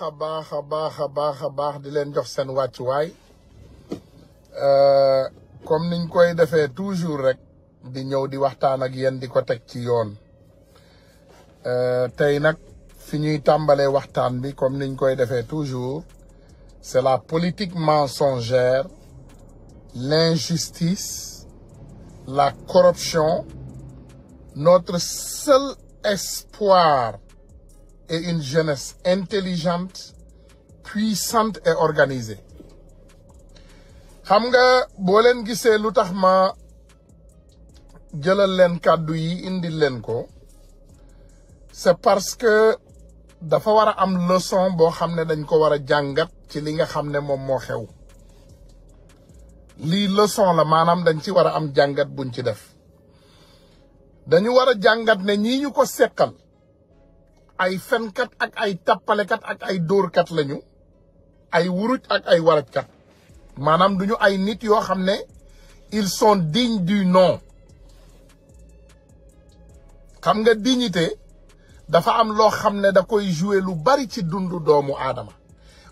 baax a baax a baax a baax a baax di leen jox euh, comme niñ koy defee toujours rek di ñëw di waxtaan ak yéen di ko teg ci yoon euh, tey nag fi ñuy tàmbalee waxtaan bi comme niñ koy defee toujours c'est la politique mensongère l'injustice la corruption notre seul espoir et une jeunesse intelligente, puissante et organisée. xam nga boo leen gisee lu ma jëlal leen cadeau yi indi leen ko c'est parce que dafa wara am leçon bo xamné dañ ko wara jangat ci li nga xamné mom mo xew li leçon la manam dañ ci wara am jangat buñ ci def dañu wara jangat né ne ñu ko ay fenkat ak ay tappalekat ak ay kat lañu ay wuruj ak ay kat manam duñu ay nit yo xamné ils sont dignes du nom xam nga dignité dafa am lo xamné da koy jouer lu bari ci dundu doomu adama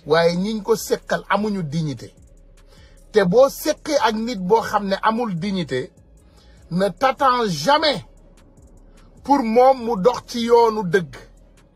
waye ñiñ ko sekkal amuñu dignité té bo sekkee ak nit bo xamné amul dignité ne t'attends jamais pour mom mu dox ci yoonu deug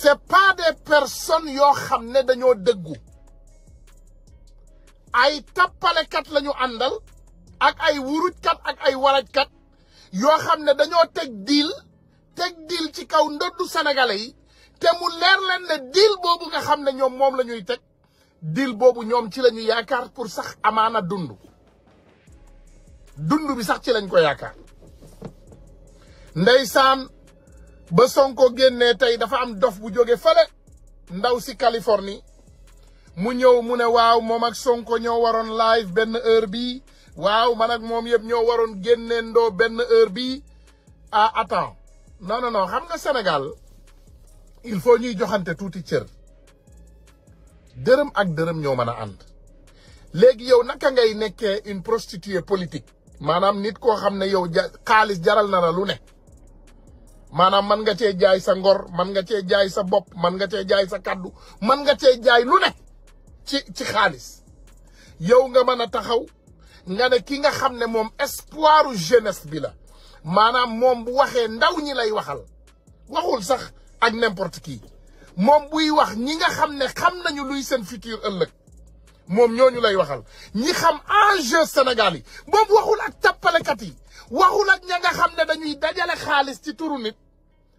c'est pas des personnes yoo xam ne dañoo dëggu ay tappalekat lañu àndal ak ay wurujkat ak ay warajkat yoo xam ne dañoo teg diil teg diil ci kaw ndoddu sénégalais yi te mu leer leen ne diil boobu nga xam ne ñoom moom la teg diil boobu ñoom ci la yaakaar pour sax amaana dund dund bi sax ci lañ ko yaakaar ndeysaan ba Sonko génnee tey dafa am dof bu jóge fële ndaw si Californie mu ñëw mu ne waaw moom ak Sonko ñoo waroon live benn heure bii waaw man ak moom yëpp ñoo waroon génneendoo benn heure bii ah attends non non non xam nga Sénégal il faut ñuy joxante tuuti cër dërëm ak dërëm ñoo mën a ànd léegi yow naka ngay nekkee une prostituée politique maanaam nit koo xam ne yow ja xaalis jaral na la lu ne. manam man nga cee jaay sa ngor man nga cee jaay sa bop man nga cee jaay sa kaddu man nga cee jaay lu ne ci ci khalis yow nga mën taxaw nga ne ki nga xamne mom espoiru jeunesse bi la manam mom bu waxe ndaw ñi lay waxal waxul sax ak n'importe qui mom buy wax ñi nga xamne xam nañu luy seen futur ëlëk mom ñoñu lay waxal ñi xam enjeu Sénégal yi moom waxul ak kat yi waxul ak ñinga xamne dañuy dajale xaaliss ci turu nit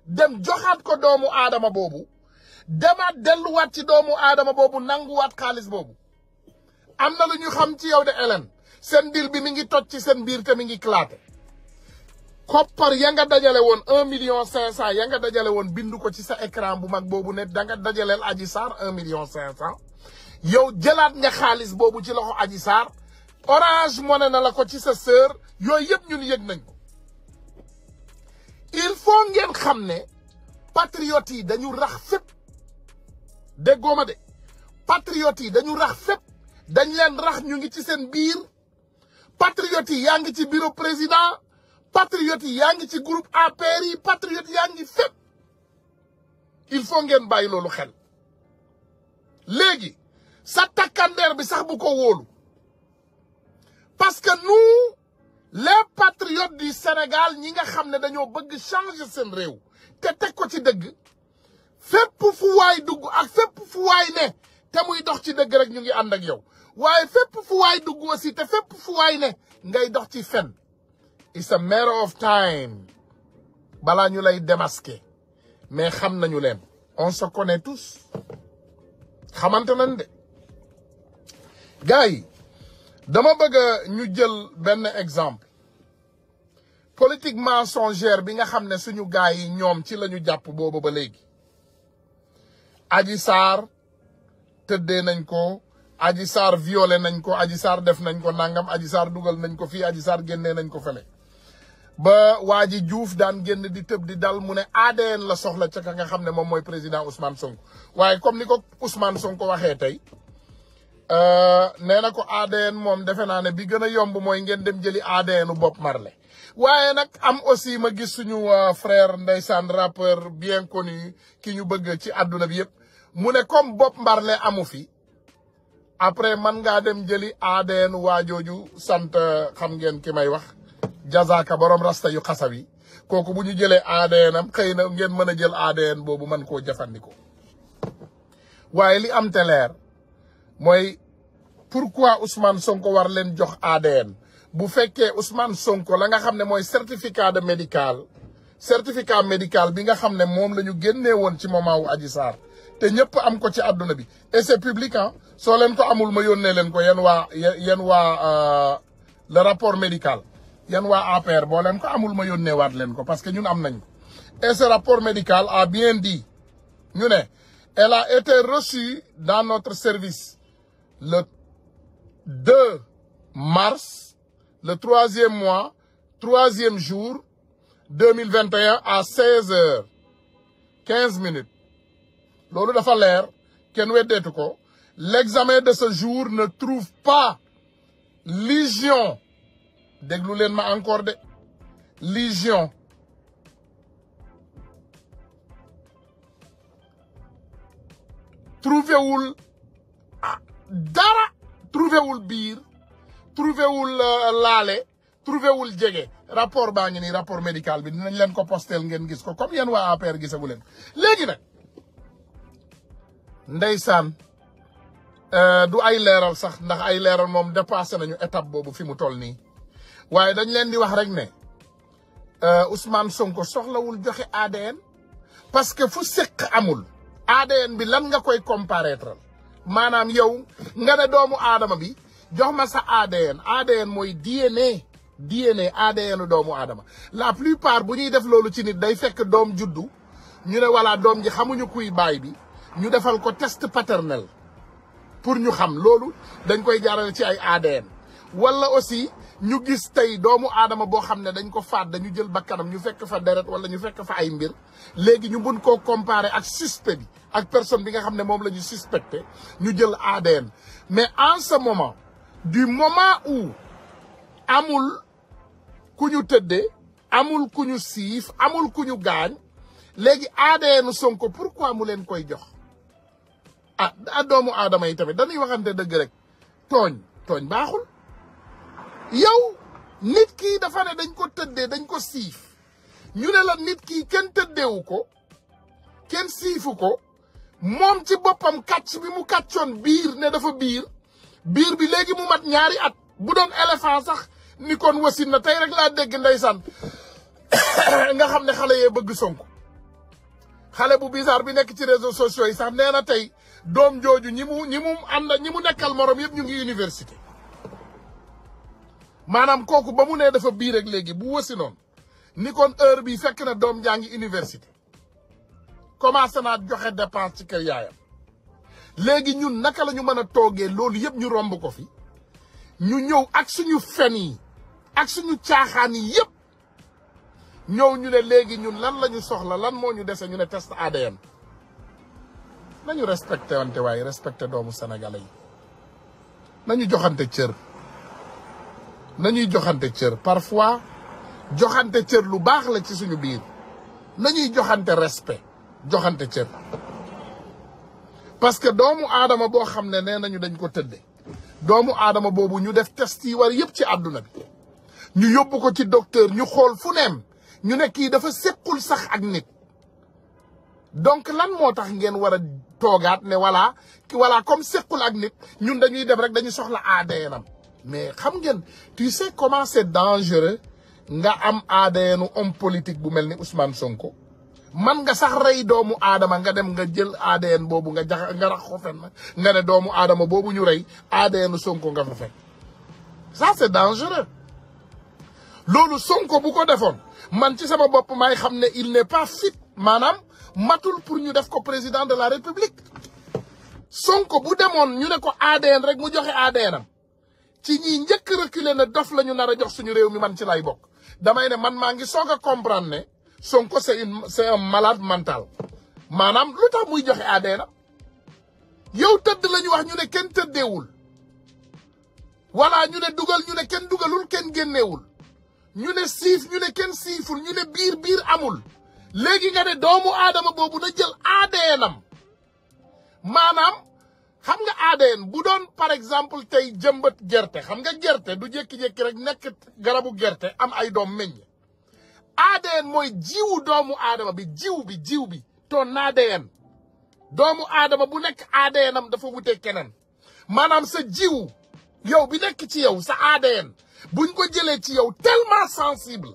dem joxat ko doomu bobu deluat delu wat ci doomu bobu bobu nangu wat xaaliss bobu amna lu ñu xam ci yow de elen sen deal bi mi ngi tocc ci sen bir te mi ngi claté koppar ya nga dajale won 1 million 500 ya nga dajale won bindu ko ci sa écran bu mag bobu ne da nga dajale sar 1 million 500 yow jelat nga xaaliss bobu ci loxo Adji sar Orange Money na la ko ci sa sœur yooyu yëpp ñun yëg nañ ko il foo ngeen xam ne patriotes yi dañu rax fépp déggoo ma de patriotes yi dañu rax fépp dañu leen rax ñu ngi ci seen biir patriotes yi yaa ngi ci bureau président patriotes yi yaa ngi ci groupe APR yi patriotes yaa ngi fépp il faut ngeen bàyyi loolu xel léegi sa takkandeer bi sax bu ko wóolu parce que les patriotes du Sénégal ñi nga xam ne dañoo bëgg changer seen réew te teg ko ci dëgg fépp fu waay dugg ak fépp fu waay ne te muy dox ci dëgg rek ñu ngi ànd ak yow waaye fépp fu waay dugg aussi te fépp fu waay ne ngay dox ci fen it's a matter of time balaa ñu lay démasquer mais xam nañu leen on se connaît xamante nañ de yi dama bëgg ñu jël benn exemple politique mensongère bi nga xam ne suñu gaay yi ñoom ci lañu jàpp boobu ba léegi Adji Sarr tëddee nañ ko Adji Sarr violé nañ ko Adji Sarr def nañ ko nangam Adji Sarr dugal nañ ko fii Adji Sarr génnee nañ ko fële ba waa ji Diouf daan génn di tëb di dal mu ne ADN la soxla ca ka nga xam ne moom mooy président Ousmane Sonko waaye comme ni ko Ousmane Sonko waxee tey Euh, nee na ko ADN moom defe naa ne bi gën a yomb mooy ngeen dem jëli ADN Bob Marley waaye nag am aussi ma gis suñu euh, frère ndeysaan rappeur bien connu ki ñu bëgg ci àdduna bi yëpp mu ne comme Bob Marley amu fi après man ngaa dem jëli waa jooju sant euh, xam ngeen ki may wax jazaka borom rasta yu xasaw yi kooku bu ñu jëlee ADN am ngeen mën a jël ADN boobu mën koo jëfandikoo waaye li am te Moy, pourquoi Ousmane Sonko war len jox ADN bu fekke Ousmane Sonko la nga xamne moy certificat de médical certificat médical bi nga xamne mom lañu won ci moment wu Adji Sarr te ñepp am ko ci aduna bi et c'est public hein so len ko amul ma yonné len ko yéen waa yéen waa euh, le rapport médical wa APR bo len ko amul ma yonné wat len ko parce que ñun am nañ et ce rapport médical a bien dit ñu né elle a été reçue dans notre service le 2 mars, le troisième mois, troisième jour, 2021 à 16h 15 minutes. L'examen de ce jour ne trouve pas légion. Dégloulen encore des légion. Trouvez-vous dara trouvé wul biir trouvé wul euh, laale trouvé wul jege rapport baa ngi nii rapport médical bi dinañ leen ko postel ngeen gis ko comme yéen waa APR gisagu leen léegi nag ndeysaan euh, du ay leeral sax ndax ay leeral moom dépassé nañu étape boobu fi mu toll nii waaye dañ leen di wax rek ne euh, Ousmane Sonko soxlawul joxe ADN parce que fu séq amul ADN bi lan nga koy comparaître maanaam yow nga ne doomu aadama bi jox ma sa ADN ADN mooy DNA DNA ADN doomu aadama la plupart bu ñuy def loolu ci nit day fekk doom juddu ñu ne walla doom ji xamuñu kuy baay bi ñu defal ko test paternel pour ñu xam loolu dañ koy jaarale ci ay ADN walla aussi ñu gis tay doomu Adam, bo dañ ko faat dañu jël bakkanam ñu fekk fa deret wala ñu fekk fa ay mbir ñu comparer ak suspect bi ak personne bi nga mais en ce moment du moment où amul kuñu ñu amul kuñu amul nous gañ légui ADN Sonko pourquoi mu len koy jox ah, ah doomu yi tamit dañuy waxante rek yow nit kii dafa ne dañ ko tëddee dañ ko siif ñu ne la nit kii kenn tëddeewu ko kenn siifu ko moom ci boppam kàcc bi mu kàccoon biir ne dafa biir biir bi léegi mu mat ñaari at bu doon éléphant sax ni kon wasin na tey rek laa dégg ndeysaan nga xam ne xale yee bëgg Sonko xale bu bizarre bi nekk ci réseau sociaux yi sax nee na tey doom jooju ñi mu ñi mu ànd ñi mu nekkal moroom yëpp ñu ngi université maanaam kooku ba mu nee dafa biir rek léegi bu wësi noonu ni kon heure bi fekk na doom jaa ngi université commencé naa joxe dépense ci kër yaayam léegi ñun naka lañu ñu mën a toogee loolu yëpp ñu romb ko fi ñu ñëw ak suñu fen yi ak suñu caaxaan yi yëpp ñëw ñu ne léegi ñun lan la ñu soxla lan moo ñu dese ñu ne test ADN nañu respecté wante waaye respecté doomu sénégalais yi nañu joxante cër nañuy joxante cër parfois joxante cër lu bax la ci suñu biir nañuy joxante respect joxante cër parce que doomu adama bo xam né nañu dañ ko tëdde doomu adama bobu ñu def test yi war yépp ci aduna bi ñu yóbbu ko ci docteur ñu xol fu neem ñu ne ki dafa séqul sax ak nit donc lan motax ngeen wara a né wala ki wala comme séqul ak nit ñun dañuy dem rek dañuy soxla ADN am mais xam ngeen tu sais comment c'est dangereux nga am ADN homme politique bu melni Ousmane Sonko man nga sax ray doomu aadama nga dem nga jël ADN bobu nga jax nga rax ko fenn nga ne doomu aadama bobu ñu ray ADN Sonko nga fa fek ça c'est dangereux lolu Sonko bu ko defon man ci sama bop may xam il n'est pas fit manam matul pour ñu def ko président de la république Sonko bu demone ñu ne ko ADN rek mu joxe ADN am ci ñii njëkk reculer na dof la ñu nar a jox suñu réew mi man ci lay bokk damay ne man maa ngi soog a comprendre ne Sonko c'est une c'est un malade mental maanaam lu tax muy joxe ADN yow tëdd la wax ñu ne kenn tëddeewul wala ñu ne dugal ñu ne kenn dugalul kenn génneewul ñu ne siif ñu ne kenn siiful ñu ne biir biir amul léegi nga ne doomu aadama boobu na jël ADN am maanaam xam nga ADN bu doon par exemple tey jëmbat gerte xam nga gerte du jekki jekki rek nekk garabu gerte am ay doom meññ ADN mooy jiwu doomu aadama bi jiw bi jiw bi ton ADN doomu aadama bu nekk ADN am dafa wute keneen maanaam sa jiwu yow bi nekk ci yow sa ADN buñ ko jëlee ci yow tellement sensible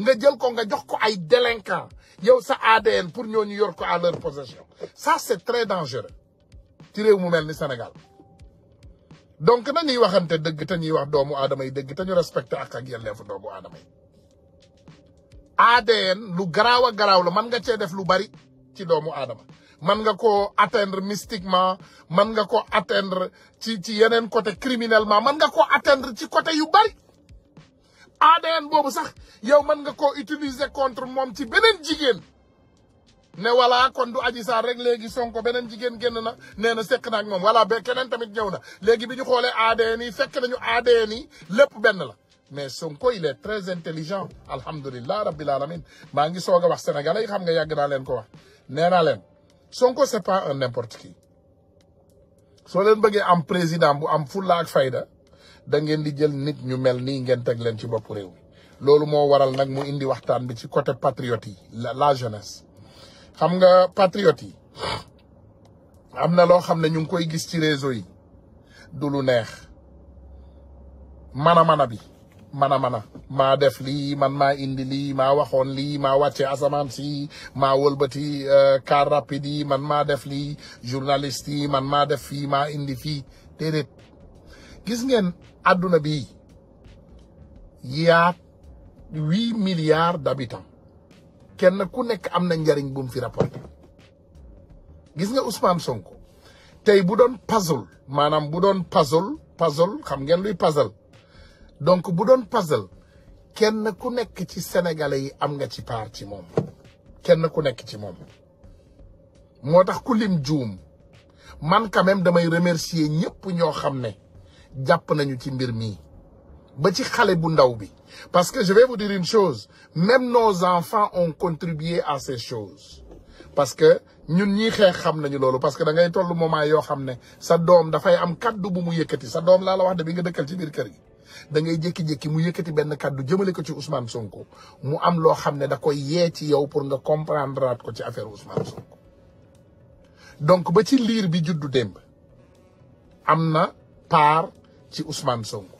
nga jël ko nga jox ko ay délinquant yow sa ADN pour ñooñu yor ko à leur possession ça c'est très dangereux ci réew mu mel ni Sénégal donc na ñuy waxante dëgg ta ñuy wax doomu aadama yi dëgg te ñu respecté ak ak yelleefu doomu aadama yi ADN lu garaaw a garaaw la mën nga cee def lu bari ci doomu aadama mën nga ko atteindre mystiquement mën nga ko atteindre ci ci yeneen côté criminellement man nga ko atteindre ci côté yu bari ADN boobu sax yow mën nga ko utiliser contre moom ci beneen jigéen ne voilà kon du Adji Sarr rek léegi Sonko beneen jigéen génn na nee na sekk na ak moom voilà ba keneen tamit ñëw na léegi bi ñu xoolee ADN nii fekk nañu ADN yi lépp benn la mais Sonko il est très intelligent alhamdulilah rabbil alamin maa ngi soog a wax sénégalais yi xam nga yàgg naa leen ko wax nee naa leen Sonko c'est pas un n'importe qui soo leen bëggee am président bu am fulla ak fayda da ngeen di jël nit ñu mel nii ngeen teg leen ci bopp réew loolu moo waral nag mu indi waxtaan bi ci côté patriote yi la jeunesse xam nga patriote yi am na loo xam ne ñu ngi koy gis ci réseau du lu neex mana mana bi mana mana maa def li man ma indi lii ma waxoon lii ma wace asamaan si ma walbati euh, car rapide yi man maa def lii journaliste yi man maa def fii maa indi fii déedéet gis ngeen àdduna bi yaa huit milliards d'habitants kenn ku nekk am na njariñ bu fi rapporté gis nga Ousmane Sonko tey bu doon puzzle maanaam bu doon puzzle puzzle xam ngeen luy puzzle donc bu doon puzzle kenn ku nekk ci sénégalais yi am nga ci part ci moom kenn ku nekk ci moom moo tax ku lim juum man quand même damay remercier ñëpp ñoo xam ne jàpp nañu ci mbir mii ba ci xale bu ndaw bi Parce que je vais vous dire une chose, même nos enfants ont contribué à ces choses. parce que ñun ñii xeex xam parce que da ngay moment yoo nous savons, am bu mu Nous sa de bi nga dëkkal ci kër gi da ngay mu yëkëti ko ci Ousmane Sonko mu am lo da koy ci yow pour nga comprendre rat ko ci affaire Ousmane Sonko. donc ba ci lire bi juddu demb amna ci Ousmane Sonko.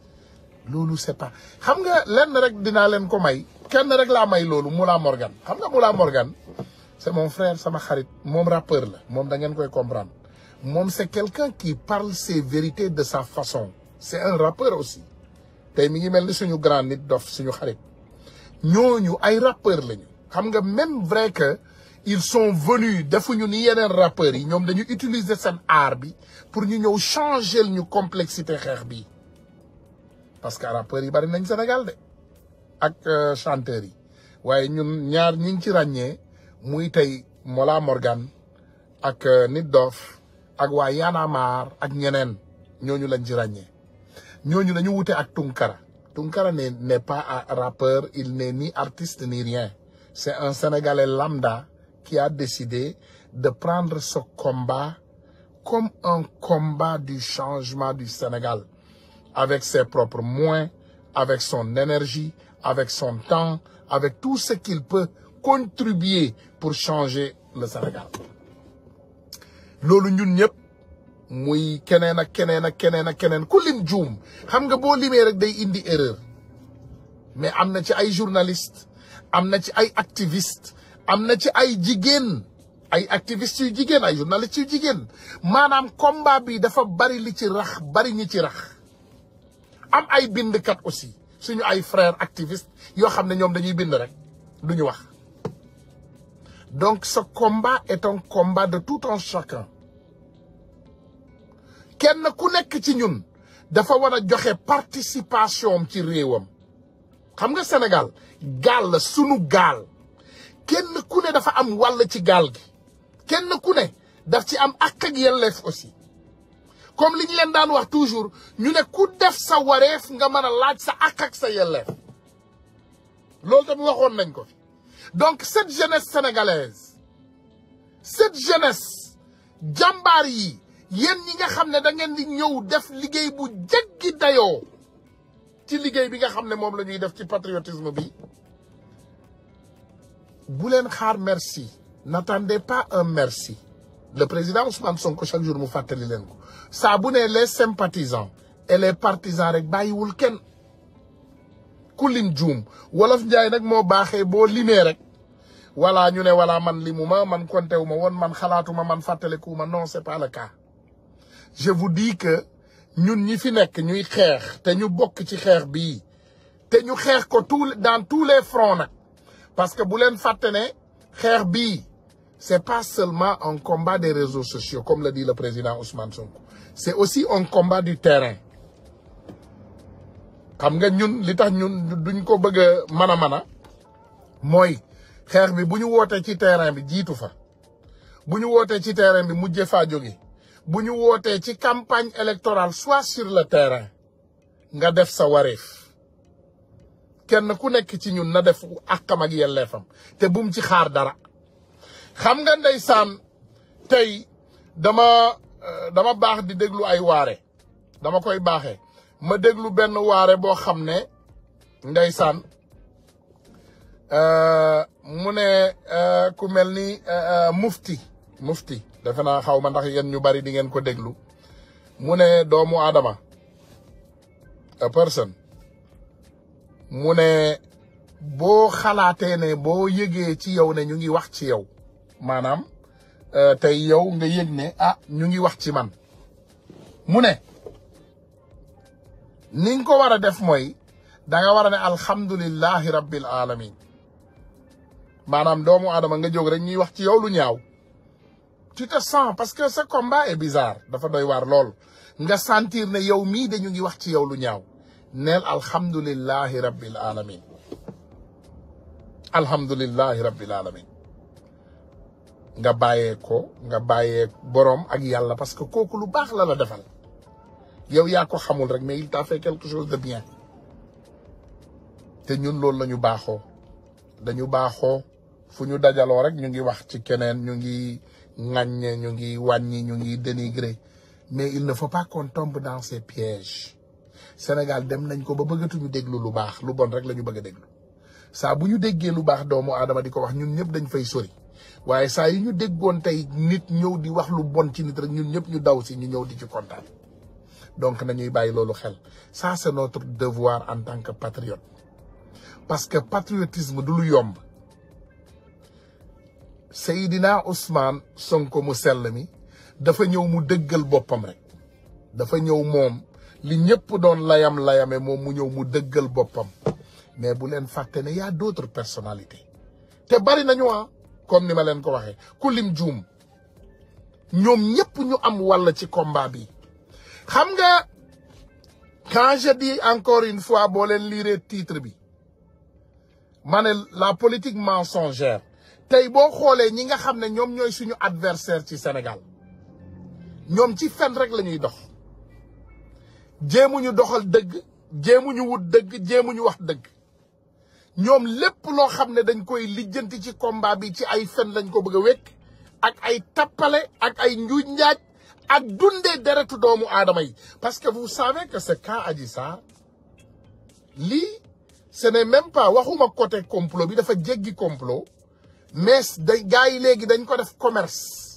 loolu c'est pas xam nga lenn rek dina leen ko may kenn rek la may lolu Moula Morgan xam nga Moula Morgan c'est mon frère sama xarit mom rappeur la mom da ngeen koy comprendre mom c'est quelqu'un qui parle ses vérités de sa façon c'est un rappeur aussi tay mi ngi mel ni suñu grand nit dof suñu xarit ñooñu ay rappeur lañu xam nga même vrai que ils sont venus defuñu ni yenen rappeur. yi ñoom dañu utiliser seen art bi pour ñu ñew changer ñu complexité xeex bi parce que rappeur yi bari nañ Sénégal de ak euh, chanteurs yi waye ñun ñaar ñi ci ragné muy tay Mola Morgan ak euh, Nit Dof ak wa Y'en ak ñenen ñoñu lañ ci ragné ñoñu lañu ak Tunkara Tunkara n'est pas un rappeur il n'est ni artiste ni rien c'est un Sénégalais lambda qui a décidé de prendre ce combat comme un combat du changement du Sénégal avec ses propres moyens, avec son énergie, avec son temps, avec tout ce qu'il peut contribuer pour changer le Sénégal. loolu ñun ñëpp muy keneen ak keneen ak keneen ak keneen ku lim xam nga boo limee rek day indi erreur mais amna ci ay journalistes, amna ci ay activistes, amna ci ay jigéen ay activiste yu jigéen ay journaliste yu jigéen maanaam combat bi dafa bari li ci rax bari ni ci rax am ay bindkat aussi suñu ay frères activistes yoo xam ne ñoom dañuy bind rek du ñu wax donc ce komba est un de tout un chacun kenn ku nekk ci ñun dafa war a joxe participation ci réewam xam nga Sénégal gaal la sunu gaal kenn ku ne dafa am wàll ci gaal kenn ku ne daf ci am ak ak yelleef aussi comme li leen wax toujours ñu ne ku def sa wareef nga mën a laaj sa ak ak sa yelleef loolu nañ ko fi donc cette jeunesse sénégalaise cette jeunesse jàmbaar yi yéen ñi nga ne da ngeen di ñëw def liggéey bu ci bi nga ne moom def ci patriotisme bi bu xaar merci n'attendez pas un merci le président Ousmane Sonko chaque jour mu fàttali Sabune les sympathisants et les partisans rek bàyyiwul kenn Koulim Djoum. juum wolof njaay nag moo baaxee boo rek voilà ñu ne voilà man limuma man konte wu ma man xalaatuma man fàttalikuwuma non c'est pas le cas je vous dis que ñun ñi fi nek ñuy xeex té ñu bok ci bi. Té ñu ko tout dans tous les fronts parce que bu len fàtte ne c'est pas seulement un combat des réseaux sociaux comme le dit le président Ousmane Sonko c'est aussi un combat du terrain nous nga ñun li tax ñun duñ ko bëgg le moy xex bi buñu woté ci terrain bi jitu fa buñu ci terrain bi ci campagne électorale soit sur le terrain nga def sa kenn ku nekk ci ñun na def akam ak yellefam té pas ci xaar dara xam nga dama Euh, dama baax di déglu ay waare dama koy baaxee ma déglu benn waare boo xam ne ndeysaan euh, mu ne euh, ku mel ni mufti mufti defe naa xaw ma ndax yéen ñu bari di ngeen ko déglu mu ne doomu Adama a person mu ne boo xalaatee ne boo yëgee ci yow ne ñu ngi wax ci yow maanaam Euh, tey yow nga yëg ne ah ñu ngi wax ci man mu ne ni ko war a def mooy danga nga war a ne alhamdulillahi rabbil alamin maanaam doomu aadama nga jóg rek ñuy wax ci yow lu ñaaw tu te sens parce que ce combat est bizarre dafa doy war lool nga sentir ne yow mii dañu ngi wax ci yow lu ñaaw neel alhamdulillahi rabbil alamin alhamdulillahi rabbil alamin nga bàyyee ko nga bàyyee borom ak yalla parce que kooku lu bax la la defal yow ya ko xamul rek mais il t'a fait quelque chose de bien té ñun loolu lañu baxo dañu baxo fuñu dajalo rek ñu ngi wax ci keneen ñu ngi ngagne ñu ngi wàññi ñu ngi dénigrer mais il ne faut pas qu'on tombe dans ces pièges Sénégal dem nañ ko ba bëggatu ñu déglu lu bax lu bon rek lañu bëgg a déglu saa bu ñu lu bax doomu aadama diko wax ñun ñëpp dañ fay sori waye sa yi ñu déggoon nit ñew di wax lu bon ci nit rek ñun ñep ñu daw si ñu ñew di ci contact donc nañuy bayyi lolu xel ça c'est notre devoir en tant que patriote parce que patriotisme du lu yomb sayidina usman Sonko mu sell mi dafa ñew mu deggal bopam rek dafa ñew mom li ñep doon layam layame mom mu ñew mu deggal bopam mais bu leen fàtte ne y d'autres personnalités te bari nañu ah comme ni ma leen ko waxee ku lim juum ñoom ñëpp ñu am walla ci komba bi xam nga quand je encore une fois boo leen lire titre bi ma la politique mensongère tey boo xoolee ñi nga xam ne ñoom ñooy suñu adversaire ci senegal ñoom ci fen rek la ñuy dox jéemuñu doxal dëgg jéemuñu wut dëgg ñu wax dëgg ñom lepp lo xam dañ koy lijeenti ci combat bi ci ay fen lañ ko bëgg wék ak ay tapalé ak ay njuuj ak dundé deretu doomu adamay parce que vous savez que ce cas a dit ça li ce n'est même pas waxuma côté complot bi dafa jéggi complot mais da gars légui dañ ko def commerce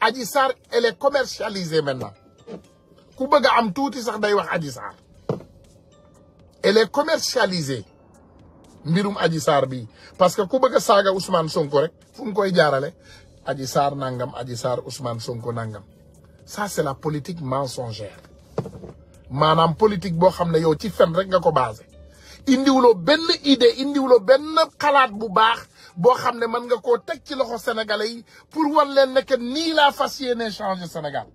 Adissar elle est commercialisée maintenant ku bëgg am touti sax day wax Adissar elle est commercialisée mbirum aji saar bii parce que ku bëgg a saaga Ousmane Sonko rek fu mu koy jaarale aji saar nangam aji saar Ousmane Sonko nangam ça c'est la politique mensongère maanaam politique boo xam ne yow ci fen rek nga ko basé indiwuloo benn idée indiwuloo benn xalaat bu baax boo xam ne mën nga koo teg ci loxo sénégalais yi pour wan leen ne que nii laa fas yéenee changer Sénégal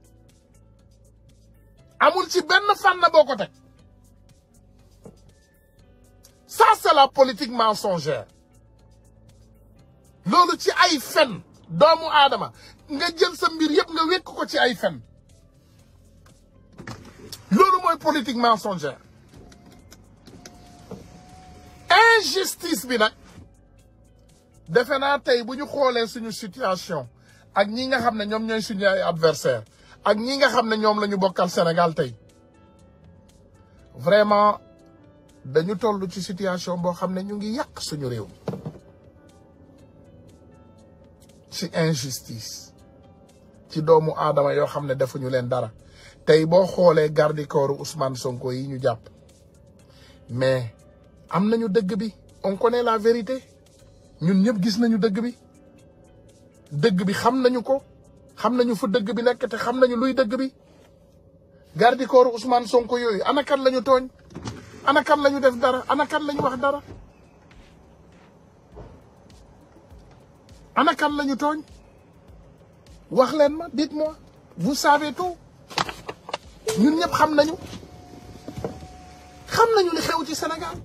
amul ci benn fànn boo ko teg la politique mensongère loolu ci ay fen doomu adama nga jël sa mbir yëpp nga wékk ko ci ay fen de politique mensongère injustice bi nak defe naa tey de suñu situation ak ñi nga xamné suñu adversaire ak ñi nga xamné ñom lañu bokal Sénégal vraiment dañu toll ci situation boo xam ne ñu ngi yàq suñu réew ci injustice ci doomu aadama yoo xam ne defuñu leen dara tey boo xoolee garde corps Ousmane Sonko yi ñu jàpp mais am nañu dëgg bi on connaît la vérité ñun ñëpp gis nañu dëgg bi dëgg bi xam nañu ko xam nañu fu dëgg bi nekk te xam nañu luy dëgg bi garde corps Ousmane Sonko yooyu ana lañu tooñ ana kan la def dara ana lañu wax dara ana lañu la tooñ wax leen ma dites-moi bu savez tu ñun ñëpp xam nañu xam nañu li xew ci Sénégal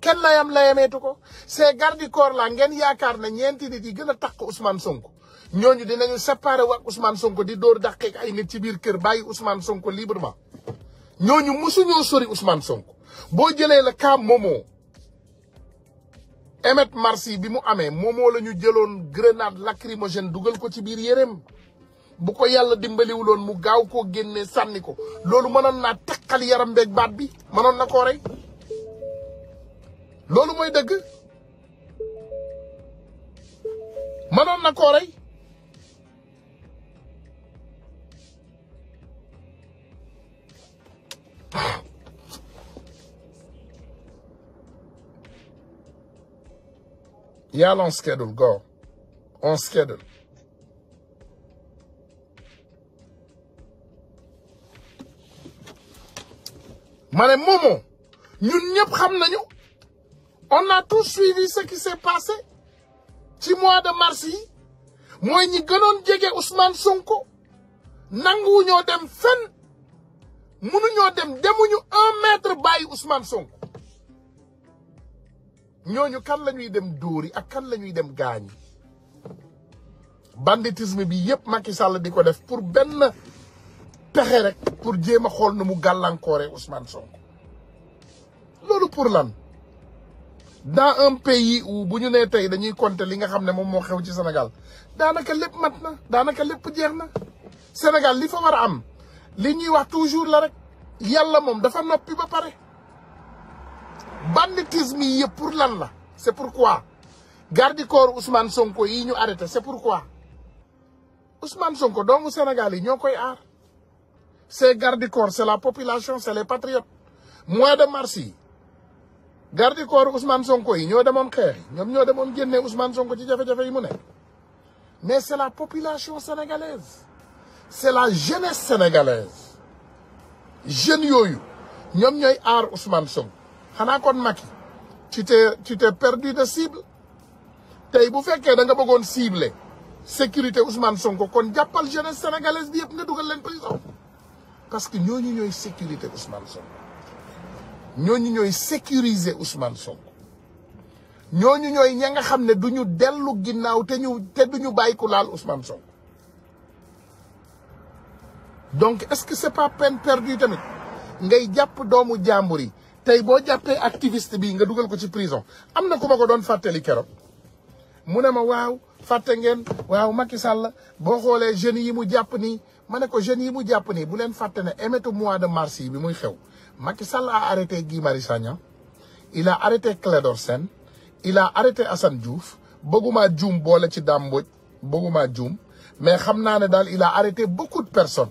kenn layam layameetu ko ces garde corps la ngeen yaakaar na ñeenti nit yi gën a tax ko takk Ousmane Sonko ñooñu dinañu séparé wax Ousmane Sonko di dóor dàqeek ay nit ci biir kër bàyyi Ousmane Sonko librement ñooñu mosuñoo sori Ousmane Sonko boo jëlee la cas Momo Emet Marcy bi mu amee Momo la ñu jëloon grenade lacrymogène dugal ko ci biir yéreem bu ko yàlla dimbaliwuloon mu gaaw koo génne sànni ko loolu mënoon naa takkal yaram mbeeg baat bi mënoon na koo rey loolu mooy dëgg mënoon na koo rey Y'all on schedule, go. On schedule. Madame Momo, nous on a tous suivi ce qui s'est passé. Timo mois de mars moi, ñi Ousmane Sonko nanguwu a dem fenn Nous dem a un mètre Ousmane Sonko. ñooñu kan la ñuy dem dóor yi ak kan la ñuy dem gaañi banditisme bi yëpp Macky sàll di ko def pour benn pexe rek pour jéem a xool nu mu gàllankoore Ousmane Sonko loolu pour lan dans un pays où bu ñu nee tey dañuy compter li nga xam ne moom moo xew ci Sénégal daanaka lépp mat na daanaka lépp jeex na Sénégal li fa war a am li ñuy wax toujours la rek yàlla moom dafa noppi ba pare banditisme est pour lan c'est pourquoi garde corps Ousmane Sonko yi ñu arrêté c'est pourquoi Ousmane Sonko doomu Sénégal yi ñoo a c'est garde corps c'est la population c'est les patriotes Moi, de mars le garde corps Ousmane Sonko yi ñoo a xeex ñoom ñoo demoon génne Ousmane Sonko ci jafé jafé yi mais c'est la population sénégalaise c'est la jeunesse sénégalaise jeunes yoyu ñom ñoy ar Ousmane Sonko xanaa kon tu t'es tu t'es perdu de cible T'es bu fekkee da nga bëggoon ciblé sécurité Ousmane Sonko kon jàppal jeunesse sénégalaise bi yëpp nga dugal prison parce que ñooñu ñooy sécurité Ousmane Sonko ñooñu ñooy sécuriser Ousmane Sonko ñooñu ñooy ña nga xam ne du ñu dellu ginnaaw te ñu te du ñu bàyyi ku laal Ousmane Sonko donc est-ce que c'est pas peine perdue tamit ngay jàpp doomu jàmbur yi. tey boo jàppee activiste bi nga dugal ko ci prison am na ku ma ko doon fàttali keroog mu ne ma waaw fàtte ngeen waaw Macky Sall boo xoolee jeunes yi mu jàpp nii ma ne ko jeunes yi mu jàpp nii bu leen fàtte ne émetu mois de mars yi bi muy xew Macky Sall a arrêté Guy Marius Sagna il a arrêté Clédor Sène il a arrêté Assane Diouf bëgguma juum boole ci Dame Mbodj bëgguma juum mais xam naa ne daal il a arrêté beaucoup de personnes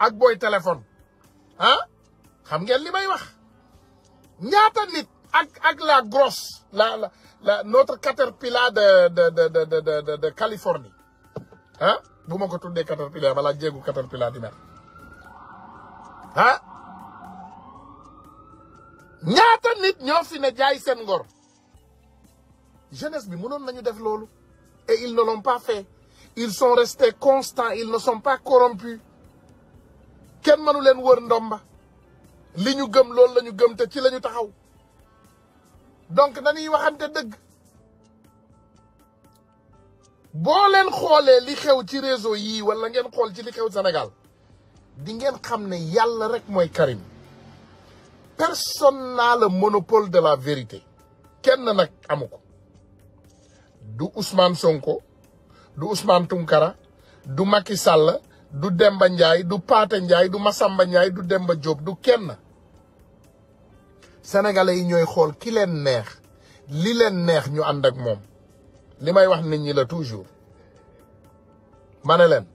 ak boy téléphone hein xam ngeen limay wax ñaata nit ak ak la grosse la la la notre caterpillar de de de de de de Californie hein bu ma ko tuddee caterpillar balaa jéegu caterpillar di mer hein ñaata nit ñoo fi ne jaay seen ngor jeunesse bi mënoon nañu def loolu et ils ne l'ont pas fait ils sont restés constants ils ne sont pas corrompus kenn mënu leen wër ndomba li ñu gëm loolu la ñu gëm te ci la ñu taxaw donc dañuy waxante dëgg boo leen xoolee li xew ci réseau yii wala ngeen xool ci li xew senegal di ngeen xam ne yàlla rek mooy Karim personne n'a le monopole de la vérité kenn nag amu ko du usmaan Sonko du usmaan Tounkara du makki sàll du Demba Njaay du Paate Njaay du Masamba Njaay du Demba Jóob du kenn sénégalais yi ñooy xool ki leen neex li leen neex ñu ànd ak moom li may wax nit ñi la toujours ma ne leen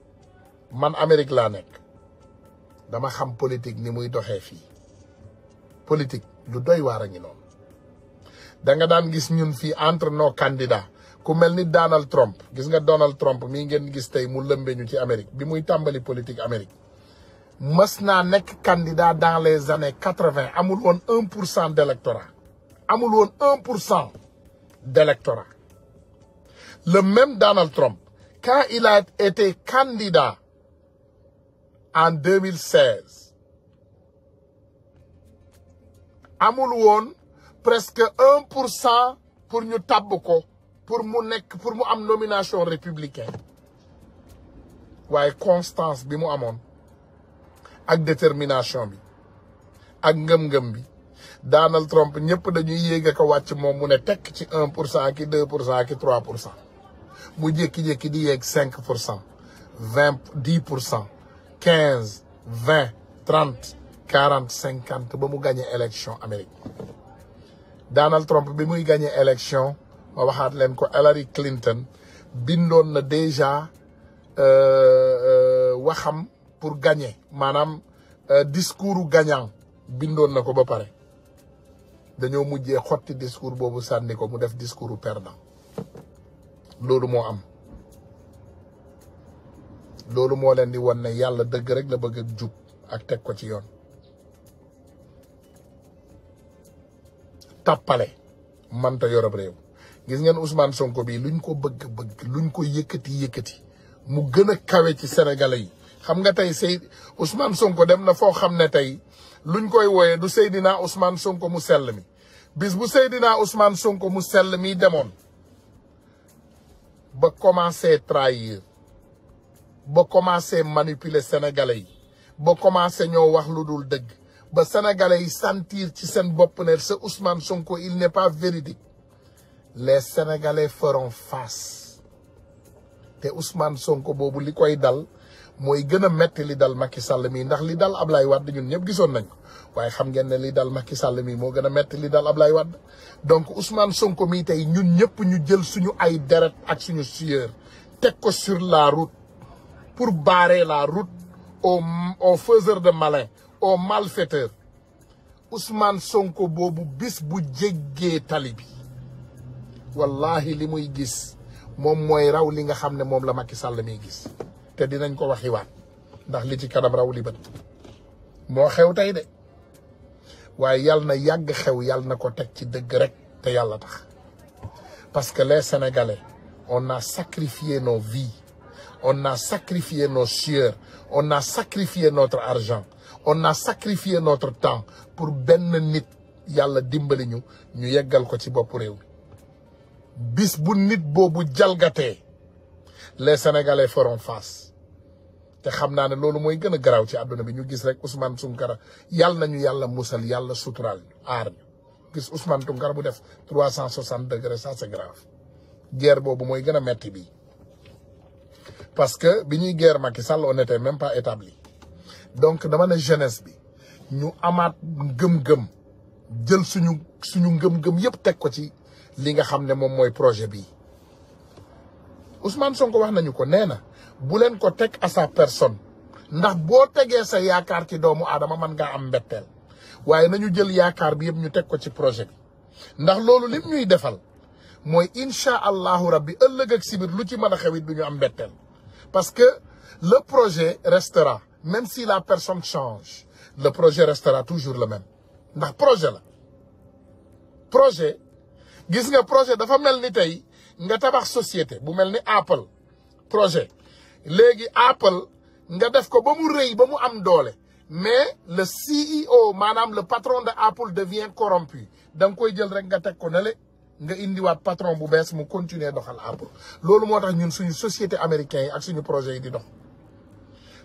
man Amérique laa nekk dama xam politique ni muy doxee fii politique lu doy waar a ngi noonu danga nga daan gis ñun fii entre no candidats comme Donald Trump gis nga Donald Trump qui ngeen le tey mu lëmbe ñu ci Amérique bi muy politique Amérique Il est nek candidat dans les années 80, il amul a 1% d'électorat Il n'y a 1% d'électorat le même Donald Trump quand il a été candidat en 2016 amul eu presque 1% pour nous taper pour mon pour mon am nomination républicain ouais constance bi amone ak détermination bi ak Donald Trump ñepp dañuy yégué ko wacc mom mu né tek 1% 2% 3% mu jékki jékki di yégg 5% 10% 15 20 30 40 50 ba mu gagner élection Amérique Donald Trump bi muy gagner élection ma waxaat leen ko Hillary Clinton bindoon na déjà euh, euh, waxam pour gagner maanaam euh, discours gagnant bindoon na ko ba pare dañoo mujjee xotti discours boobu sànni ko mu def discours perdant loolu moo am loolu moo leen di wan na yàlla dëgg rek la bëgg ak jub ak teg ko ci yoon tàppale manta yorob réew gis ngeen Ousmane Sonko lu ñu ko bëgg bëgg luñ ko yëkkati yëkkati mu gën a kawe ci sénégalais yi xam nga tey say Ousmane Sonko dem na foo xam ne tey lu luñ koy wooyee du Seydina Ousmane Sonko mu sell mi bis bu Seydina Ousmane Sonko mu sell mi demoon ba commencé trahir ba commencé manipuler sénégalais yi ba commencé ñoo wax lu dul dégg ba sénégalais yi sentir ci seen bopp ne sa Ousmane Sonko il n'est pas véridique les sénégalais feront face te Ousmane Sonko boobu li koy dal mooy gën a metti li dal makki Sall mii ndax li dal ab Ablaye Wade ñun ñëpp gisoon nañ waaye xam ngeen ne li dal makki Sall mii moo gën a metti li dal Ablaye Wade donc Ousmane Sonko mii tey ñun ñëpp ñu jël suñu ay deret ak suñu sueur teg ko sur la route pour baare la route au au faiseur de malin au malfaiteur Ousmane Sonko boobu bis bu jéggee tali bi. wallahi li muy gis mom moy raw li nga xamne mom la Macky Sall miy gis te dinañ ko waxiwaat ndax li ci kanam raw li bët mo xew tay de na yag xew yàll na ko teg ci deug rek te yalla tax parce que les Sénégalais on a sacrifié nos vies on a sacrifié nos sueurs on a sacrifié notre argent on a sacrifié notre temps pour ben nit yalla dimbali ñu ñu yeggal ko ci bop réew bis bu nit boobu jalgatee les sénégalais feront face te xam naa ne loolu mooy gën a garaaw ci àdduna bi ñu gis rek Ousmane Tounkara yàlla nañu yàlla musal yàlla suturaal ñu aar ñu gis Ousmane Tounkara bu def trois cent soixante degré ça c'est grave boobu mooy gën a metti bi parce que bi ñuy guerre Macky Sall on était même pas établi donc dama ne jeunesse bi ñu amaat ngëm-ngëm jël suñu suñu ngëm-ngëm yëpp teg ko ci li nga xam ne moom mooy projet bi Ousmane Sonko wax nañu ko nee na bu leen ko teg à sa personne ndax boo tegee sa yaakaar ci doomu aadama man ngaa am mbetteel waaye nañu jël yaakaar bi yëpp ñu teg ko ci projet bi ndax loolu lim ñuy defal mooy incha allahu rabbi ëllëg ak sibir lu ci mën a xewit du ñu am mbetteel parce que le projet restera même si la personne change le projet restera toujours le même ndax projet la projet gis nga projet dafa société bu Apple projet Apple nga def ko mais le CEO madame, le patron de Apple devient corrompu Donc koy jël rek nga le patron bu mu continuer doxal Apple lolou motax ñun société américaine, ak projet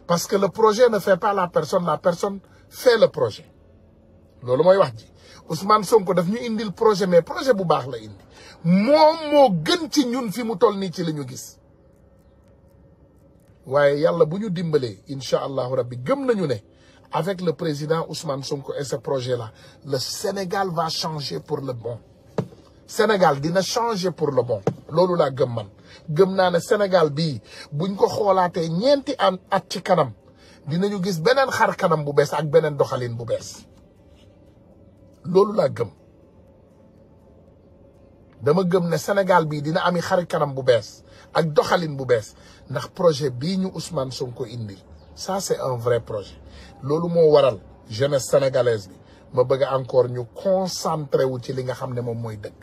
parce que le projet ne fait pas la personne la personne fait le projet que moy wax Ousmane Sonko daf ñu indil projet mais projet bu baax la indi mom mo gën ci ñun fi mu toll nii ci lañu gis waye yalla buñu dimbalé inshallah rabbi gëm nañu né avec le président Ousmane Sonko et ce projet là le Sénégal va changer pour le bon Sénégal dina changer pour le bon lolu la gëm man gëm na né Sénégal bi buñ ko xolaté ñenti an at ci kanam dinañu gis benen xar kanam bu bess ak benen doxalin bu bess lolou la gëm dama gëm né Sénégal bi dina ami xari kanam bu bess ak doxalin bu bess ndax projet bi ñu Ousmane Sonko indi ça c'est un vrai projet lolou mo waral jeunesse sénégalaise bi ma bëgg encore ñu concentré wu ci li nga xamné mom moy dëkk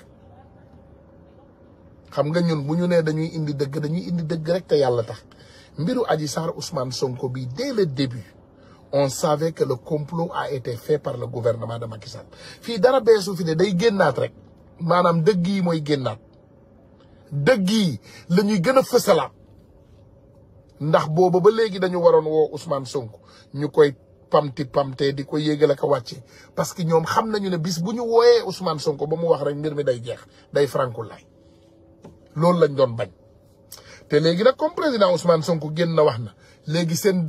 xam nga ñun bu ñu né dañuy indi dëgg dañuy indi dëgg rek te yalla tax mbiru Adji sar Ousmane Sonko bi dès le début on savait que le complot a été fait par le gouvernement de Macky Sall Fi dara besu fi ne day gennat rek manam le yi moy gennat deug yi lañuy gëna fessala ndax ba dañu Ousmane Sonko ñukoy pamti pamte di ko yéegale parce que ñom xamnañu ne bis buñu woyé Ousmane Sonko ba mu wax rek mbir mi day jeex day frankulaay lool lañ doon bañ té légui nak comme président Ousmane Sonko genn na waxna légui sen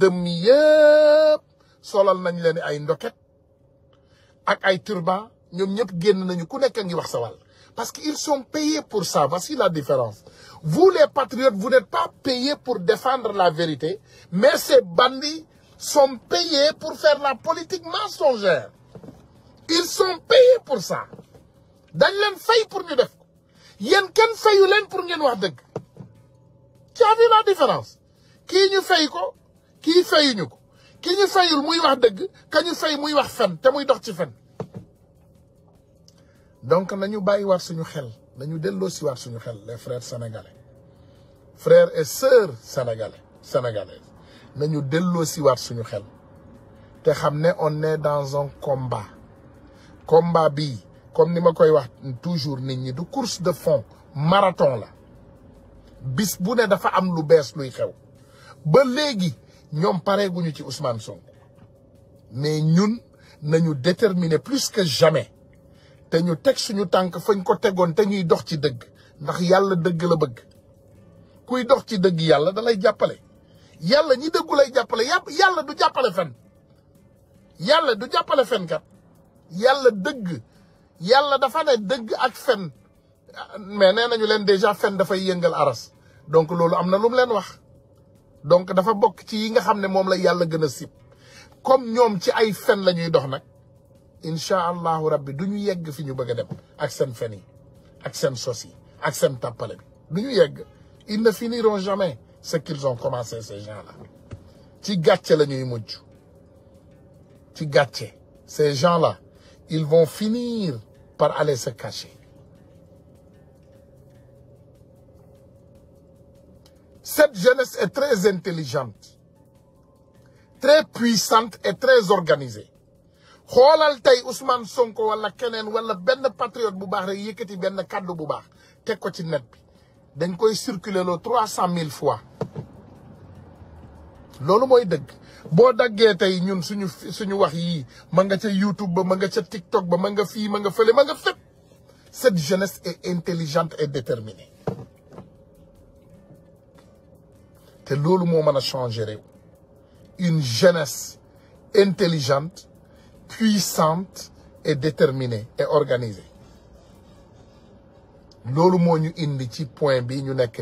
solal nañ leen ay ndoket ak ay turban ñom ñep génn nañu ku nekk ngi wax sa parce qu'ils sont payés pour ça voici la différence vous les patriotes vous n'êtes pas payés pour défendre la vérité mais ces bandits sont payés pour faire la politique mensongère ils sont payés pour ça dañ leen fay pour ñu def ko yéen kenn fayu leen pour ngeen wax deug tu as vu la différence qui ñu fay ko a fait ko qui muy wax say muy wax muy donc nous allons waat suñu xel Nous suñu les frères sénégalais frères et sœurs sénégalais sénégalaises nañu nous faire suñu xel te on est dans un combat combat comme nous avons toujours sommes course de fond marathon là. bis bu am lu ñom ñoom pareeguñu ci Ousmane Sonko mais ñun nañu déterminer plus que jamais té ñu tek suñu tank fañ ko téggon té ñuy dox ci dëgg ndax Yalla dëgg la bëgg kuy dox ci dëgg Yalla dalay jappalé Yalla ñi dëggu lay jàppale yàlla du jappalé fen Yalla du jappalé fen kat Yalla dëgg Yalla dafa né dëgg ak fen mais nee nañu leen déjà fen dafay yëngal aras donc lolu amna lu mu leen wax donc dafa bok ci yi nga xam mom la yalla gëna a comme ñom ci ay fen lañuy dox nak inshallah rabbi duñu yegg fi ñu bëgg a dem ak seen fen yi ak seen sos ak seen tàppale bi ñu yegg ils ne finiront jamais ce qu'ils ont commencé ces gens-là ci gatché lañuy ñuy mujj ci gatché ces gens-là ils vont finir par aller se cacher Cette jeunesse est très intelligente, très puissante et très organisée. Xolal tay Ousmane Sonko wala kenen wala ben patriote bu baax rek yëkkati ben cadeau bu baax tek ko ci net bi dañ koy circuler lo 300000 fois Lolu moy deug. Bo daggee tay ñun suñu suñu wax yi, ma nga ca YouTube ba ma nga ca TikTok ba ma nga fi ma nga fële ma nga fépp cette jeunesse est intelligente et déterminée C'est ce qui a changé. une jeunesse intelligente puissante et déterminée et organisée ce qui ñu indi ci point bi ñu nekk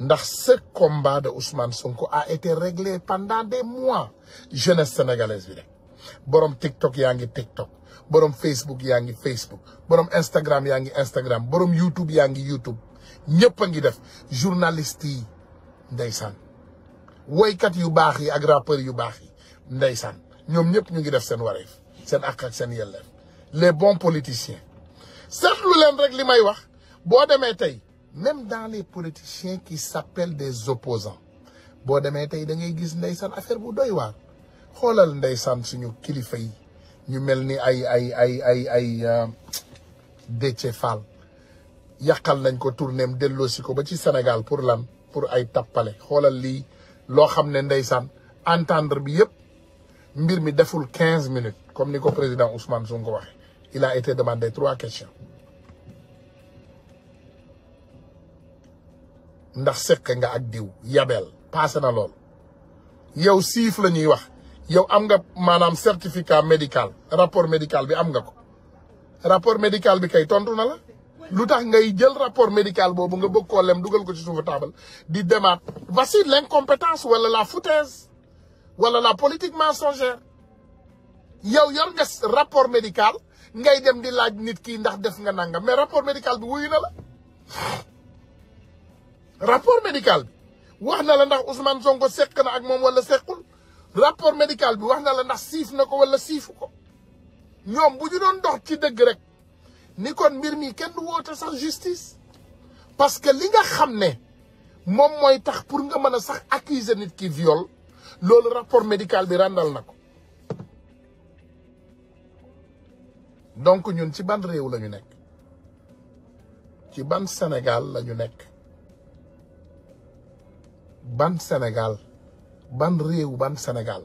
ndax ce combat de Ousmane Sonko a été réglé pendant des mois jeunesse sénégalaise bi rek borom TikTok yaa TikTok borom Facebook yaa Facebook borom Instagram yaa Instagram borom YouTube yaa YouTube ñëpp a ngi def ndeysaan woykat yu baax yi ak rappeur yu baax yi ndeysaan ñoom ñëpp ñu ngi def seen wareef seen àq ak seen yelleef les bons politiciens seetlu leen rek li may wax boo demee tey même dans les politiciens qui s'appellent des opposants boo demee tey da ngay gis ndeysaan affaire bu doy waar xoolal ndeysaan suñu kilifa yi ñu mel ni ay ay ay ay ay euh, Déthié Fall nañ ko tournéem delloosi ko ba ci Sénégal pour lan pour ay tappale xolal li lo xam ndaysan entendre bi yëpp mbir mi deful 15 minutes comme niko président Ousmane Sonko waxe il a été demandé trois questions ndax sekk nga ak diw yabel passé na lool yow sif la ñuy wax yow am nga medical certificat médical rapport médical bi am nga ko rapport médical bi kay tontu na la lutax ngay jël rapport médical bobu nga bëgg ko lem duggal ko ci suñu table di démat voici l'incompétence wala la foutaise wala la politique mensongère yow yor nga rapport médical ngay dem di laaj nit ki ndax def nga nangam mais rapport médical bi wuyu la rapport médical bi wax na la ndax Ousmane Sonko sekk na ak mom wala sekkul rapport médical bi wax na la ndax sif nako wala sifuko ñom buñu dox ci deug rek ni kon mbir mi kenn du woote sax justice parce que li nga xam ne moom mooy tax pour nga mën a sax accuser nit ki viol loolu rapport médical bi ràndal na ko donc ñun ci ban réew la nekk ci ban Sénégal la ñu nekk ban Sénégal ban réew ban Sénégal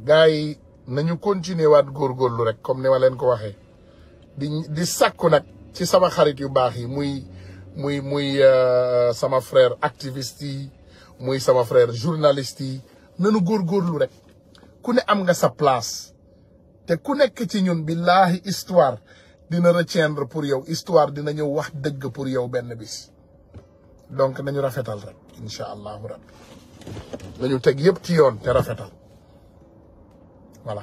gars yi nañu continuer gor lu rek comme ni walen ko waxe di di sakku nak ci sama xarit yu bax yi muy muy muy euh, sama frère activiste yi muy sama frère journaliste yi nañu lu rek ku ne am nga sa place te ku nek ci ñun billahi histoire dina retiendre pour yow histoire dina ñëw wax deug pour yow ben bis donc nañu rafetal rek inshallah rabbi nañu teg yëpp ci yoon te rafetal voilà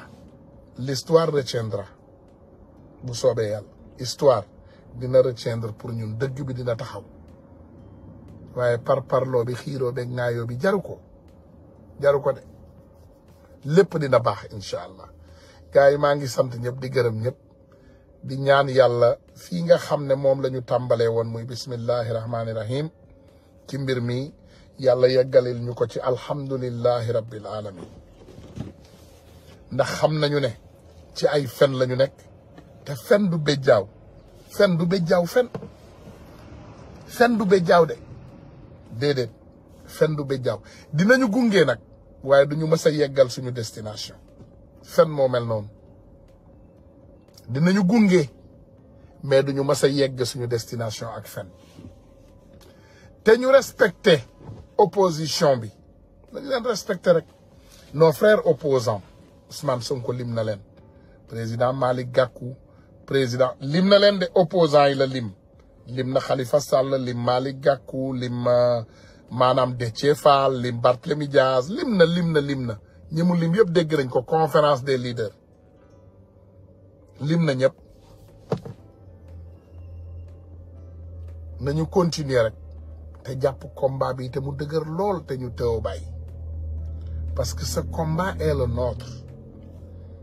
l'histoire retiendra bu soobee yàlla histoire dina retiendre pour ñun dëgg bi dina taxaw waaye par parloo bi xiiroo beeg ŋaayoo bi jaru ko jaru ko de lépp dina baax incha allah gars maa ngi sant ñëpp di gërëm ñëpp di ñaan yàlla fii nga xam ne moom la ñu tàmbalee woon muy bismillahi rahmaani rahim ci mbir mi yàlla yeggalil ñu ko ci alhamdulillahi rabbil alamin ndax xam ne ci ay fen lañu nekk te fen du béjjaaw fen du béjjaaw fen fen du béjjaaw de déedéet fen du béjjaaw dinañu gunge nag waaye duñu destination fen moo mel dinañu mais duñu Nous a yegg suñu destination ak fen respecté opposition bi nos frères opposants Ousmane Sonko lim na leen président Malick Gakou président lim na leen de opposants yi la lim lim na Khalifa Sall lim Malick Gakou lim euh, maanaam Déthié Fall lim Barthélemy Dias lim na lim na lim na ñi lim yëpp dégg nañ ko conférence des leaders lim na ñëpp nañu continuer rek te jàpp komba bi te mu dëgër lool te ñu teew bàyyi parce que ce combat est le nôtre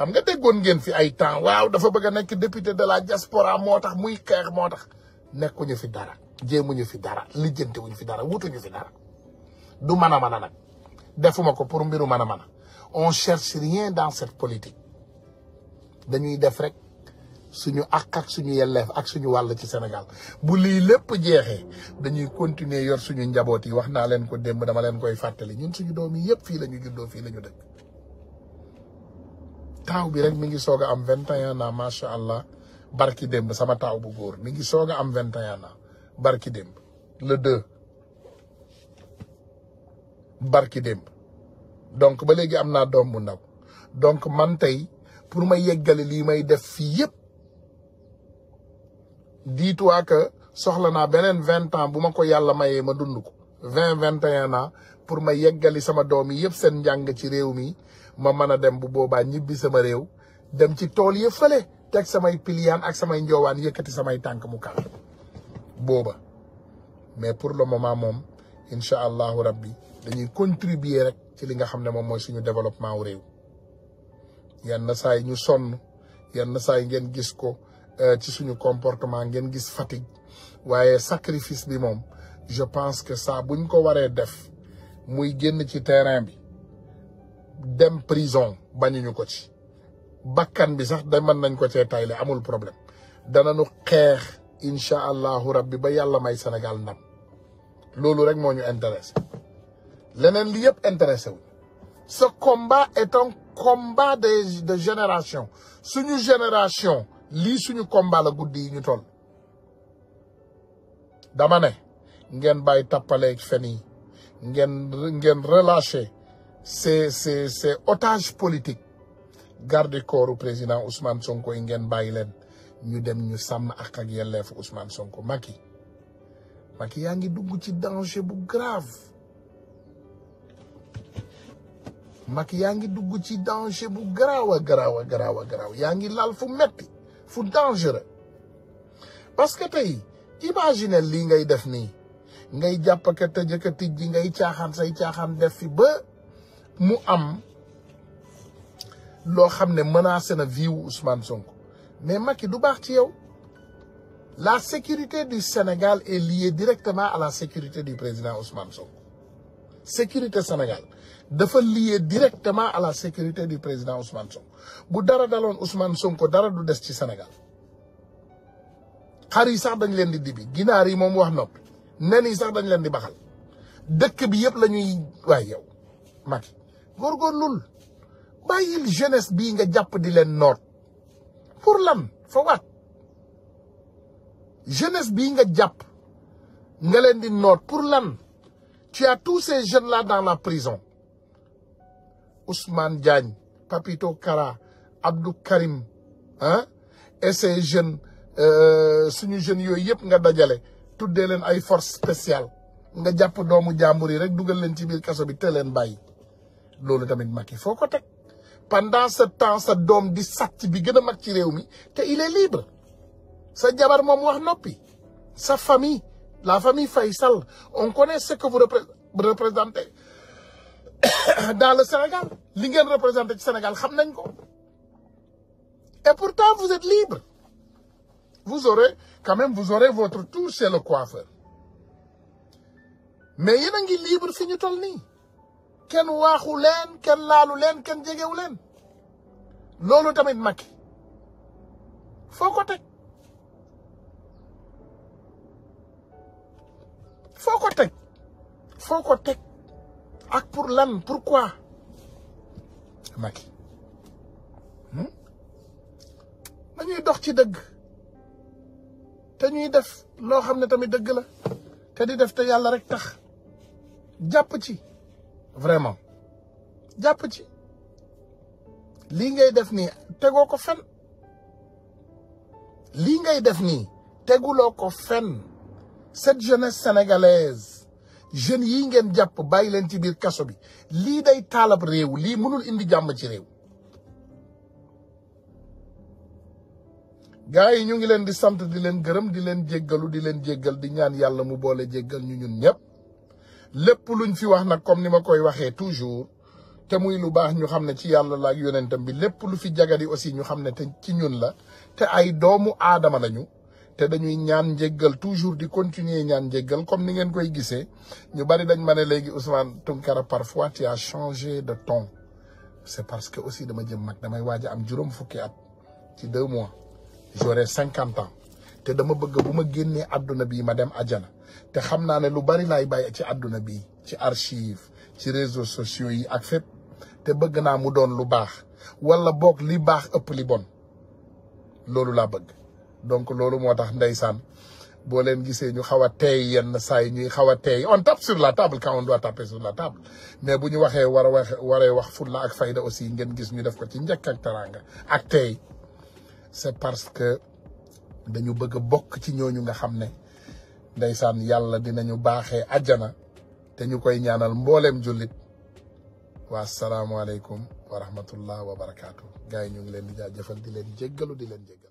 xam nga déggoon ngeen fi ay temps waaw dafa bëgg a nekk député de la diaspora moo tax muy xeex moo tax nekkuñu fi dara jéem ñu fi dara lijjantewuñu fi dara wutuñu fi dara du mën a mën a nag defuma ko pour mbiru mën a mën a on cherche rien dans cette politique dañuy def rek suñu àq ak suñu yelleef ak suñu wàll ci senegal bu lii lépp jeexee dañuy continuer yor suñu njaboot yi wax naa leen ko démb dama leen koy fàttali ñun suñu doom yi yëpp fii la ñu juddoo fii la ñu dëkk taaw bi rek mi ngi soog a am vingt et un ans macha allah barki démb sama taaw bu góor mi ngi soog a am vingt et naa ans barki démb le deux barki démb donc ba léegi am naa doom bu ndaw donc man tey pour ma yeggale lii may def fii yépp dis-toi soxla naa beneen vingt ans bu ma ko yàlla mayee ma dund ko vingt vingt et un pour ma yeggali sama doom yi yépp seen njàng ci réew mi ma mën a dem bu boobaa ñibbi sama réew dem ci tool ya fële teg samay piliyaan ak samay njoowaan yëkkati samay tànk mu kal booba mais pour le moment moom incha allahu rabbi dañuy contribuer rek ci li nga xam ne moom mooy suñu développement wu réew yenn saa yi ñu sonn yenn saa yi ngeen gis ko euh, ci suñu comportement ngeen gis fatigue waaye sacrifice bi moom je pense que saa buñ ko waree def muy génn ci terrain bi dem prison bañuñu ko ci bakkan bi sax da amul problème inshallah rabbi ba yalla may Sénégal ndam lolu rek moñu intéressé li ce combat est un combat de de génération suñu génération li suñu combat la goudi ñu toll dama ne ngeen tapalé relâché ces ces ces otages politiques garde corps président Ousmane Sonko ingen ngeen ñu dem ñu sam ak ak yelef Ousmane Sonko Macky Macky yaa ngi dugg ci danger bu grave Macky yaa ngi dugg ci danger bu grave grave grave grave garaaw ngi fu metti fu dangereux parce que tay imagine li ngay def ni ngay japp ke tejeke ka ngay tiaxan say tiaxan def fi ba. mu am loo xam ne menacé na vie wu Ousmane Sonko mais Macky du baax ci yow la sécurité du Sénégal et liée directement à la sécurité du président Ousmane Sonko sécurité Sénégal dafa lié directement à la sécurité du président Ousmane Sonko bu dara daloon Ousmane Sonko dara du des ci Sénégal xar yi sax dañ leen di dibi ginaar yi moom wax noppi nen yi sax dañ leen di baxal dëkk bi yëpp lañuy waay yow Macky góorgóorlul bayil jeunesse bi nga japp di len note pour lan fa waat jeunesse bi nga japp nga len di note pour lan tu as tous ces jeunes là dans la prison Ousmane Diagne Papito Kara Abdou Karim ah et ces jeunes euh, suñu jeunes yooyu yep nga dajale tuddee leen ay force spéciale nga japp doomu jàmbur rek dugal len ci bir kasso bi te len pendant ce temps sa dom il est libre sa sa famille la famille Faisal on connaît ce que vous représentez dans le Sénégal li ngeen représenter Sénégal xam et pourtant vous êtes libre vous aurez quand même vous aurez votre tour chez le coiffeur mais vous ngi libre si ñu kenn waaxu leen kenn laalu leen kenn jegewu leen loolu tamit Macky foo ko teg foo ko teg foo ko teg ak pour lan pourquoi Macky hmm? dañuy dox ci dëgg te ñuy def loo xam ne tamit dëgg la te di def te yàlla rek tax jàpp ci vraiment jàpp ci lii ngay def nii tegoo ko fen lii ngay def nii teguloo ko fen set jeunes sénégalaise jeunes yi ngeen jàpp bàyyi leen ci biir kaso bi lii day taalab réew lii mënul indi jàmm ci réew gars yi ñu ngi leen di sant di leen gërëm di leen jéggalu di leen jéggal di ñaan yàlla mu boole jéggal ñu ñun ñëpp lepp luñ fi wax nak comme nima koy waxé toujours té muy lu bax ñu xamné ci yalla la ak yonentam bi lepp lu fi jagadi aussi ñu xamné té ci ñun la té ay doomu aadama lañu te dañuy ñaan njéggal toujours di continuer ñaan njéggal comme ni ngeen koy gissé ñu bari dañ mané légui Ousmane Tounkara parfois tu as changé de ton c'est parce que aussi dama jëm mak damay waja am juroom fukki at ci deux mois j'aurai 50 ans té dama bëgg buma génné aduna bi ma dem aljana te xam naa ne lu bari laay bàyyi ci àdduna bi ci archive ci réseaux sociaux yi ak fépp te bëgg naa mu doon lu baax wala boog li baax ëpp li bon loolu laa bëgg donc loolu moo tax ndeysaan boo leen gisee ñu xaw a teey yenn saa yi ñuy xaw a teey on tape sur la table quand on doit taper sur la table mais bu ñu waxee war a wax waree wax fulla ak fayda aussi ngeen gis ñu def ko ci njëkk ak teraanga ak teey c'est parce que dañu bëgg a bokk ci ñooñu nga xam ne ndeysaan yàlla ñu baaxee àjjana te ñu koy ñaanal mbooleem jullit waa salaamualeykum wa rahmatullah wa barakaatu gars yi ñu ngi leen di jaajëfal di leen jéggalu di leen jéggal